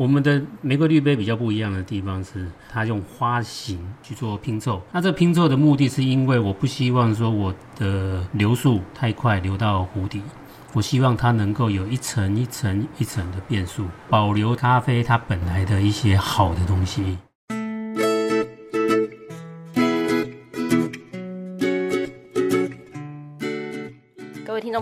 我們的玫瑰濾杯比較不一樣的地方是，它用花型去做拼湊。那這拼湊的目的是因為我不希望說我的流速太快流到壺底，我希望它能夠有一層一層一層的變速，保留咖啡它本來的一些好的東西。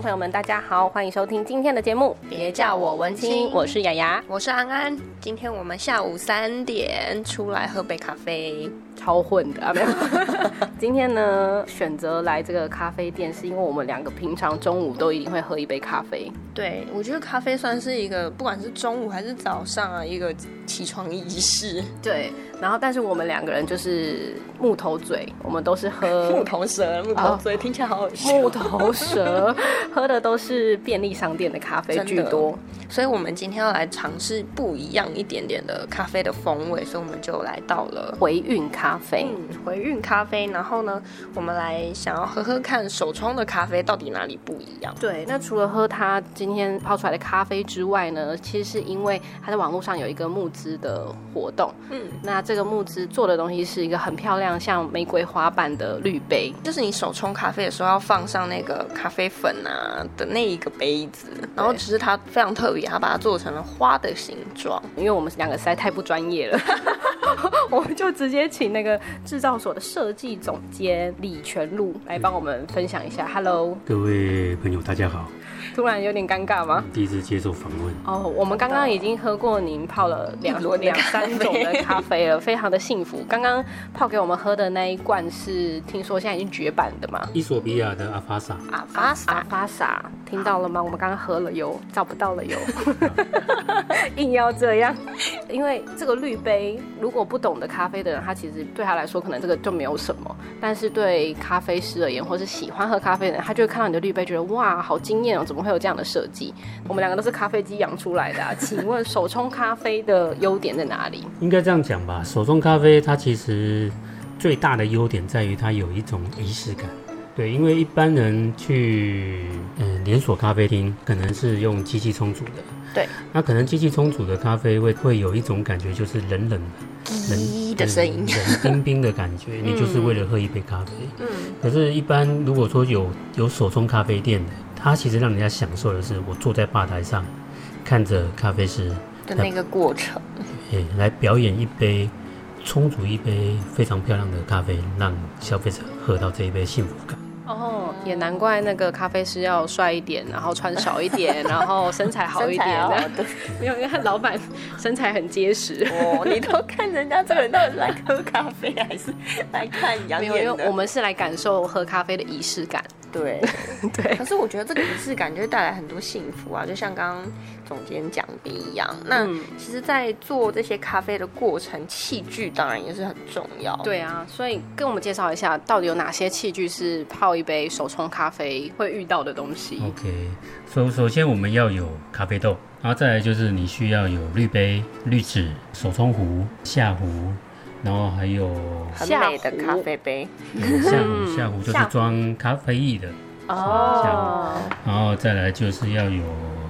朋友們，大家好，歡迎收聽今天的節目。別叫我文青，我是雅雅，我是安安。今天我們下午三點出來喝杯咖啡。超混的啊！沒有。 今天呢，選擇來這個咖啡店，是因為我們兩個平常中午都一定會喝一杯咖啡。對，我覺得咖啡算是一個，不管是中午還是早上啊，一個起床儀式。對，然後但是我們兩個人就是木頭嘴，我們都是喝木頭舌、木頭嘴、哦、聽起來好好笑。木頭舌，喝的都是便利商店的咖啡居多。所以，我們今天要來嘗試不一樣一點點的咖啡的風味，所以我們就來到了回韻咖啡。嗯，回韻咖啡。然後呢，我們來想要喝喝看手沖的咖啡到底哪裡不一樣。對，那除了喝它今天泡出來的咖啡之外呢，其實是因為它在網絡上有一個募資的活動。嗯，那這個募資做的東西是一個很漂亮像玫瑰花瓣的濾杯，就是你手沖咖啡的時候要放上那個咖啡粉啊的那一個杯子。對然後，其實它非常特別。然後把它做成了花的形狀，因為我們兩個實在太不專業了， 我們就直接請那個智造所的設計總監李全祿來幫我們分享一下。Hello，各位朋友，大家好。突然有點尷尬嗎？第一次接受訪問。哦，oh, 我們剛剛已經喝過您泡了兩、哦、兩三種的咖啡 了，非常的幸福。剛剛泡給我們喝的那一罐，是，聽說現在已經絕版的嘛？伊索比亞的阿法薩，阿法薩，阿法薩，聽到了嗎？啊、我們剛剛喝了喲，找不到了喲，啊、 硬要這樣，因為這個濾杯，如果不懂得咖啡的人，他其實對他來說可能這個就沒有什麼，但是對咖啡師而言，或是喜歡喝咖啡的人，他就會看到你的濾杯，覺得哇，好驚艷哦，怎麼？會有這樣的設計，我們兩個都是咖啡機養出來的、啊。請問手沖咖啡的優點在哪裡？應該這樣講吧，手沖咖啡它其實最大的優點在於它有一種儀式感。對，因為一般人去嗯、呃、連鎖咖啡廳，可能是用機器沖煮的。對，那可能機器沖煮的咖啡會會有一種感覺，就是冷冷冷的聲音，冷冰冰的感覺。嗯、你就是為了喝一杯咖啡。嗯。可是，一般如果說有有手沖咖啡店的。他其實讓人家享受的是，我坐在吧台上，看着咖啡師的那個過程，對，來表演一杯，沖煮一杯非常漂亮的咖啡，讓消費者喝到這一杯幸福感。哦，也難怪那個咖啡師要帥一點，然後穿少一點，然後身材好一點。沒有，因為他老闆身材很結實。哦，你都看人家這個人到底是來喝咖啡還是來看洋？沒有，因為我們是來感受喝咖啡的儀式感。對， 對。可是我覺得這個儀式感就會帶來很多幸福啊， 就像剛剛總監講的一樣。嗯、那其實，在做這些咖啡的過程，器具當然也是很重要。對啊，所以跟我們介紹一下，到底有哪些器具是泡一杯手沖咖啡會遇到的東西。OK，首首先我們要有咖啡豆，然後再來就是你需要有濾杯、濾紙、手沖壺、下壺。然後還有很美的咖啡杯，嗯、下壺下壺就是裝咖啡液的哦，下壺。然後再來就是要有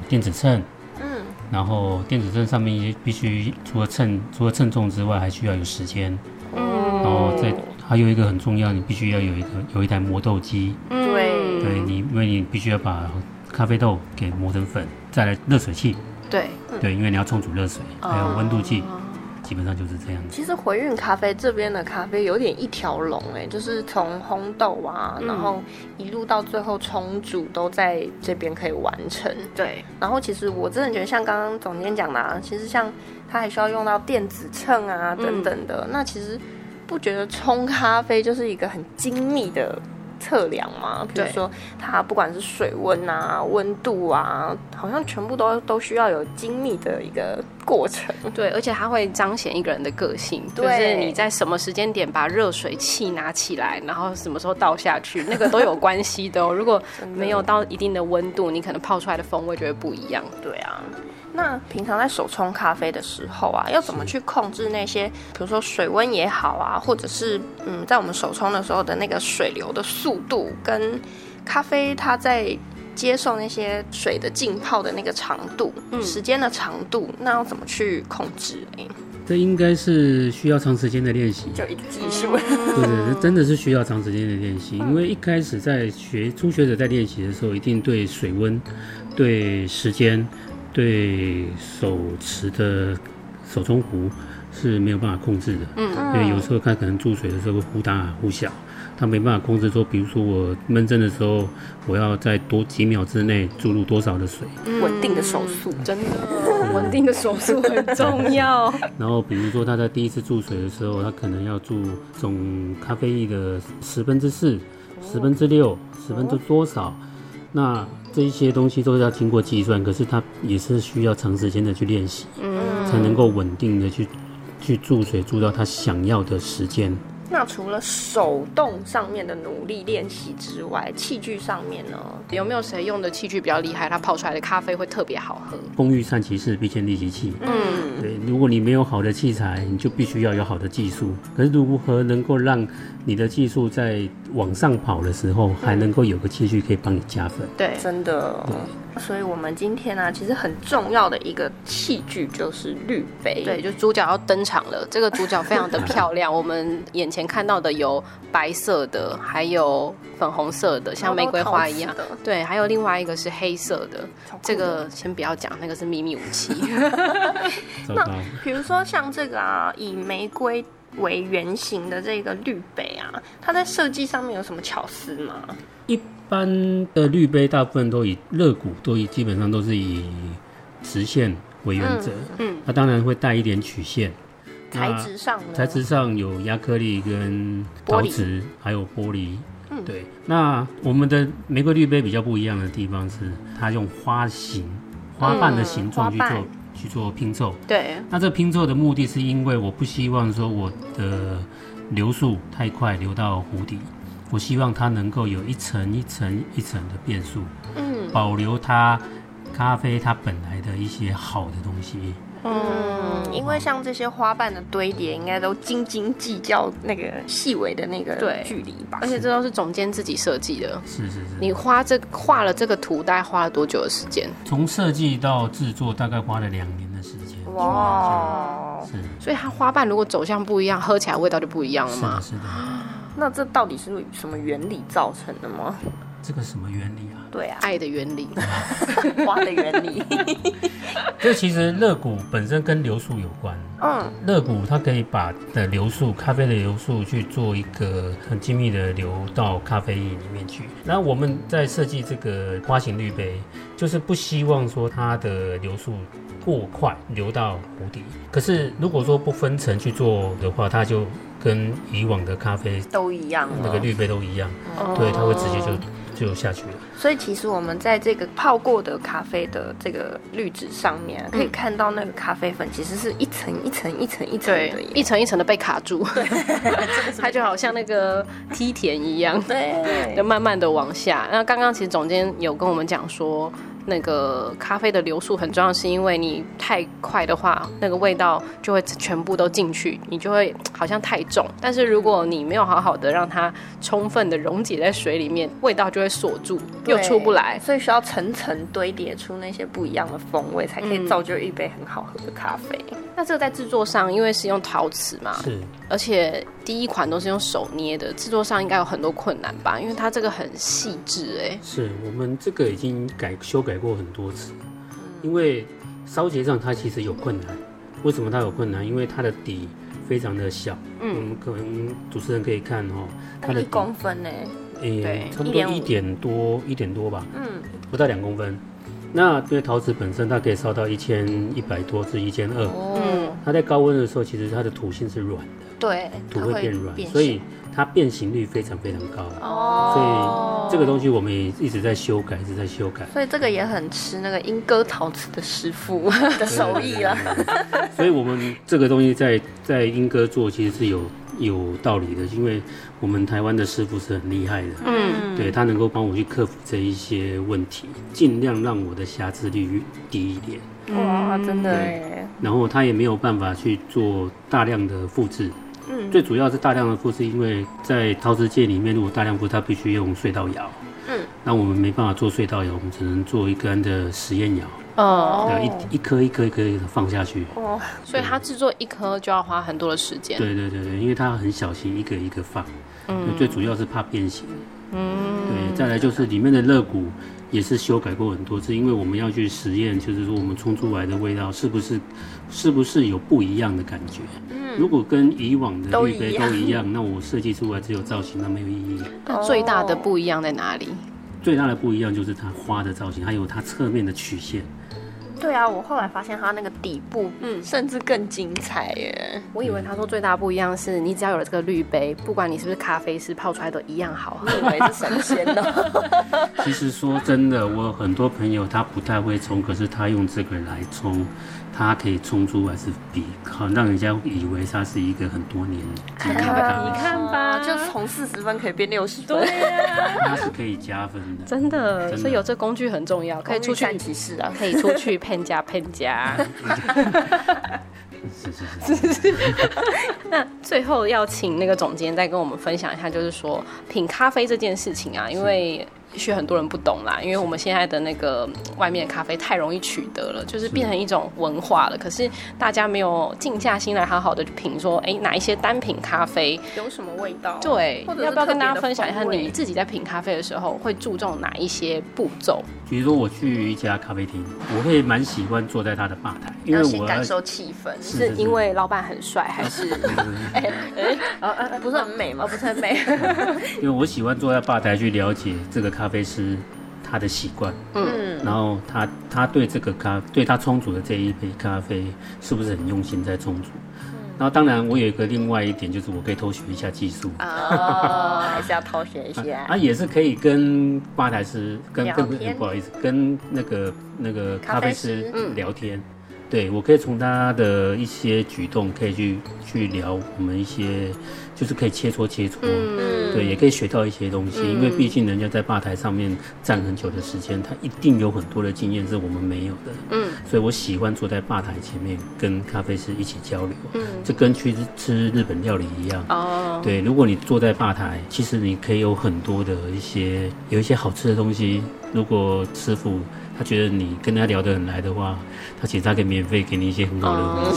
電子秤，嗯，然後電子秤上面也必須除了稱除了稱重之外，還需要有時間，嗯，然後再還有一個很重要，你必須要有一個有一台磨豆機，嗯、對，對你因為你必須要把咖啡豆給磨成粉，再來熱水器，對對、嗯、對，因為你要沖煮熱水，還有溫度計。嗯嗯基本上就是這樣。其實回運咖啡這邊的咖啡有點一條龍誒，就是從烘豆啊，嗯、然後一路到最後沖煮都在這邊可以完成。對。然後其實我真的覺得像剛剛總監講的，啊，其實像他還需要用到電子秤啊等等的，嗯，那其實不覺得沖咖啡就是一個很精密的。測量嘛，比如說它，不管是水溫啊、溫度啊，好像全部都都需要有精密的一個過程。對，而且它會彰顯一個人的個性，對就是你在什麼時間點把熱水器拿起來，然後什麼時候倒下去，那個都有關係的喔。 如果沒有到一定的溫度，你可能泡出來的風味就會不一樣。對啊。那平常在手沖咖啡的時候啊，要怎麼去控制那些，是比如說水溫也好啊，或者是嗯，在我們手沖的時候的那個水流的速度跟咖啡它在接受那些水的浸泡的那個長度、嗯、時間的長度，那要怎麼去控制？這應該是需要長時間的練習，就一個技術。對對、嗯， 真的是需要長時間的練習，嗯、因為一開始在學初學者在練習的時候，一定對水溫、對時間。對手持的手沖壺是沒有辦法控制的，嗯、因為有時候它可能注水的時候會忽大忽小，它沒辦法控制說，比如說我悶蒸的時候，我要在多幾秒之內注入多少的水，穩定的手速、嗯、真的，穩對定的手速很重要。 然後比如說他在第一次注水的時候，他可能要注總咖啡液的十分之四、十分之六、十分之多少，哦、那。這些東西都是要經過計算，可是它也是需要長時間的去練習，嗯，才能夠穩定的去去注水注到它想要的時間。那除了手動上面的努力練習之外，器具上面呢，對有沒有誰用的器具比較厲害，他泡出來的咖啡會特別好喝？工欲善其事，必先利其器。嗯，對，如果你沒有好的器材，你就必須要有好的技術。可是如何能夠讓你的技術在往上跑的時候，還能夠有個器具可以幫你加分。嗯、對，真的。對所以，我們今天呢、啊，其實很重要的一個器具就是濾杯。對，對，就主角要登場了。這個主角非常的漂亮， 我們眼前看到的有白色的，還有粉紅色的，像玫瑰花一樣的。對，還有另外一個是黑色的。的這個先不要講，那個是秘密武器。 那糕比如說像這個啊，以玫瑰。為圓形的這個濾杯啊，它在設計上面有什麼巧思嗎？一般的濾杯大部分都以肋骨都以，基本上都是以直線為原則、嗯。嗯，它當然會帶一點曲線。材質上呢，材質上有壓克力跟陶瓷，璃還有玻璃。嗯，對。那我們的玫瑰濾杯比較不一樣的地方是，它用花形、花瓣的形狀去做、嗯。去做拼湊，對，那這拼湊的目的是因為我不希望說我的流速太快流到壺底，我希望它能夠有一層一層一層的變數，嗯，保留它咖啡它本來的一些好的東西。嗯，因為像這些花瓣的堆疊，應該都斤斤計較那個細微的那個距離吧。而且這都是總監自己設計的。是是是。你花這畫了這個圖，大概花了多久的時間？從設計到製作，大概花了兩年的時間。哇，是。所以它花瓣如果走向不一樣，喝起來味道就不一樣了嗎？是的。那這到底是什麼原理造成的嗎？這個什麼原理啊？對啊，愛的原理，花的原理。這其實肋骨本身跟流速有關。嗯，肋骨它可以把的流速，咖啡的流速去做一個很精密的流到咖啡液裡面去。那我們在設計這個花形濾杯，就是不希望說它的流速過快流到壺底。可是如果說不分層去做的話，它就跟以往的咖啡都一樣，那個濾杯都一樣。對，它會直接就。就下去了，所以其實我們在這個泡過的咖啡的這個濾紙上面啊，可以看到那個咖啡粉其實是一層一層一層一層，對，一層一層的被卡住， 它就好像那個梯田一樣，對，就慢慢的往下。那剛剛其實總監有跟我們講說。那個咖啡的流速很重要，是因為你太快的話，那個味道就會全部都進去，你就會好像太重。但是如果你沒有好好的讓它充分的溶解在水裡面，味道就會鎖住，對又出不來。所以需要層層堆疊出那些不一樣的風味，才可以造就一杯很好喝的咖啡。嗯、那這個在製作上，因為是用陶瓷嘛，是，而且。第一款都是用手捏的，製作上應該有很多困難吧？因為它這個很細緻，哎，是我們這個已經改修改過很多次，因為燒結上它其實有困難。為什麼它有困難？因為它的底非常的小，嗯，可能、嗯、主持人可以看哦、喔，它的底一公分呢，哎、欸，對差不多一點多一點多吧，嗯，不到兩公分。那因為陶瓷本身它可以燒到一千一百多至一千二，嗯，它在高溫的時候其實它的土性是軟的。對，土會變軟，所以它變形率非常非常高，啊，哦、所以這個東西我們也一直在修改，一直在修改。所以這個也很吃那個鶯歌陶瓷的師傅的手藝了。 所以我們這個東西在在鶯歌做其實是有有道理的，因為我們台灣的師傅是很厲害的，嗯，對，他能夠幫我去克服這一些問題，盡量讓我的瑕疵率低一點。哇，真的。然後他也沒有辦法去做大量的複製。嗯、最主要是大量的鈷，是因為在陶瓷界裡面，如果大量鈷，它必須用隧道窯。嗯，那我們沒辦法做隧道窯，我們只能做一根的實驗窯。嗯，一顆一顆一顆一顆放下去。哦，對對對，所以它製作一顆就要花很多的時間。對對對對，因為它很小心一個一個放。嗯，最主要是怕變形。嗯，對，嗯對，再來就是裡面的肋骨，也是修改過很多次，因為我們要去實驗，就是說我們沖出來的味道是不是，是不是有不一樣的感覺？嗯，如果跟以往的濾杯都一樣，都一樣，都一樣，那我設計出來只有造型，那沒有意義。那最大的不一樣在哪裡？最大的不一樣就是它花的造型，還有它側面的曲線。對啊，我後來發現它那個底部，嗯，甚至更精彩耶。嗯、我以為他說最大不一樣是，你只要有了這個濾杯，不管你是不是咖啡師，泡出來都一樣好喝。你以為是神仙呢？ 其實說真的，我有很多朋友他不太會沖，可是他用這個來沖，他可以沖出來是比，好讓人家以為他是一個很多年、年的。看吧、啊，你看吧，就從四十分可以變六十分，對啊、那是可以加分的。真的，真的，所以有這工具很重要，可以出去試啊，可以出去。噴家噴家， 是是是是是。那最後要請那個總監再跟我們分享一下，就是說品咖啡這件事情啊，因為。也許很多人不懂啦，因為我們現在的那個外面的咖啡太容易取得了，就是變成一種文化了。是。可是大家沒有靜下心來好好的品，說、欸、哎，哪一些單品咖啡有什麼味道？對，要不要跟大家分享一下你自己在品咖啡的時候會注重哪一些步驟？比如說我去一家咖啡廳，我會蠻喜歡坐在他的吧台，因為我感受氣氛是因為老闆很帥還是哎哎不是很美嗎？啊、不是很美？ 因為我喜歡坐在吧台去了解這個。咖啡師他的習慣，嗯，然後他他對這個咖對他沖煮的這一杯咖啡是不是很用心在沖煮、嗯、然後當然我有一個另外一點就是我可以偷學一下技術哦，哈哈還是要偷學一下啊，也是可以跟吧台師跟跟天不好意思跟那個那個咖啡師聊天。對，我可以從他的一些舉動，可以去去聊我們一些，就是可以切磋切磋，嗯、對，也可以學到一些東西。嗯、因為畢竟人家在吧台上面站很久的時間，他一定有很多的經驗是我們沒有的。嗯，所以我喜歡坐在吧台前面跟咖啡師一起交流。嗯，這跟去吃日本料理一樣。哦，對，如果你坐在吧台，其實你可以有很多的一些有一些好吃的東西。如果師傅。他覺得你跟他聊得很來的話，他其實他可以免費給你一些很好的味道。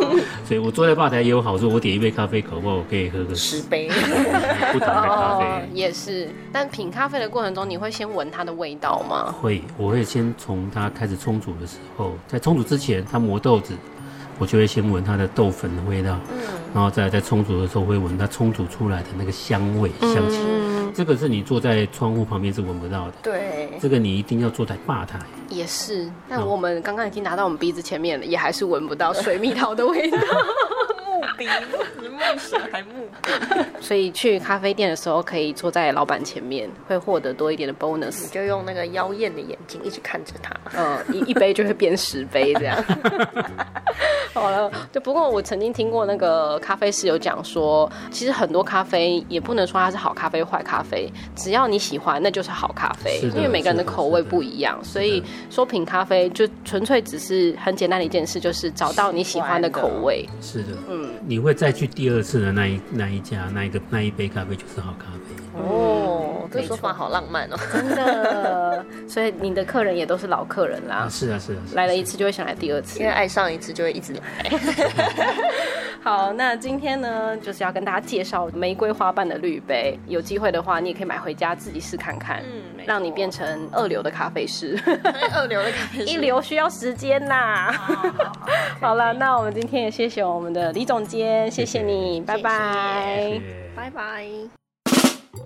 oh. 所以我坐在吧台也有好處，我點一杯咖啡，可不，我可以喝個十杯。 不同的咖啡也是，但品咖啡的過程中，你會先聞它的味道嗎？會，我會先從它開始沖煮的時候，在沖煮之前，它磨豆子，我就會先聞它的豆粉的味道。嗯，然後再來在沖煮的時候會聞它沖煮出來的那個香味香氣。嗯這個是你坐在窗戶旁邊是聞不到的，對，這個你一定要坐在吧台。也是，那我們剛剛已經拿到我們鼻子前面了，也還是聞不到水蜜桃的味道。木鼻，你木行還木。所以去咖啡店的時候，可以坐在老板前面，會獲得多一點的 bonus。你就用那個妖艷的眼睛一直看着他，嗯、呃，一一杯就會變十杯這樣。好了，就不過我曾經聽過那個咖啡師有講說，其實很多咖啡也不能說它是好咖啡、壞咖啡，只要你喜歡，那就是好咖啡。是的，因為每個人的口味不一樣，所以說品咖啡就純粹只是很簡單的一件事，就是找到你喜歡的口味。是的，嗯，你會再去第二次的那一那一家、那一個那一杯咖啡就是好咖啡。哦、嗯。說話好浪漫哦，真的。所以你的客人也都是老客人啦。是啊，是。來了一次就會想來第二次，因為愛上一次就會一直來。好，那今天呢，就是要跟大家介紹玫瑰花瓣的濾杯。有機會的話，你也可以買回家自己試看看，嗯，讓你變成二流的咖啡師。二流的咖啡師，一流需要時間啦。好了，那我們今天也謝謝我們的李總監，謝謝你，拜拜，拜拜。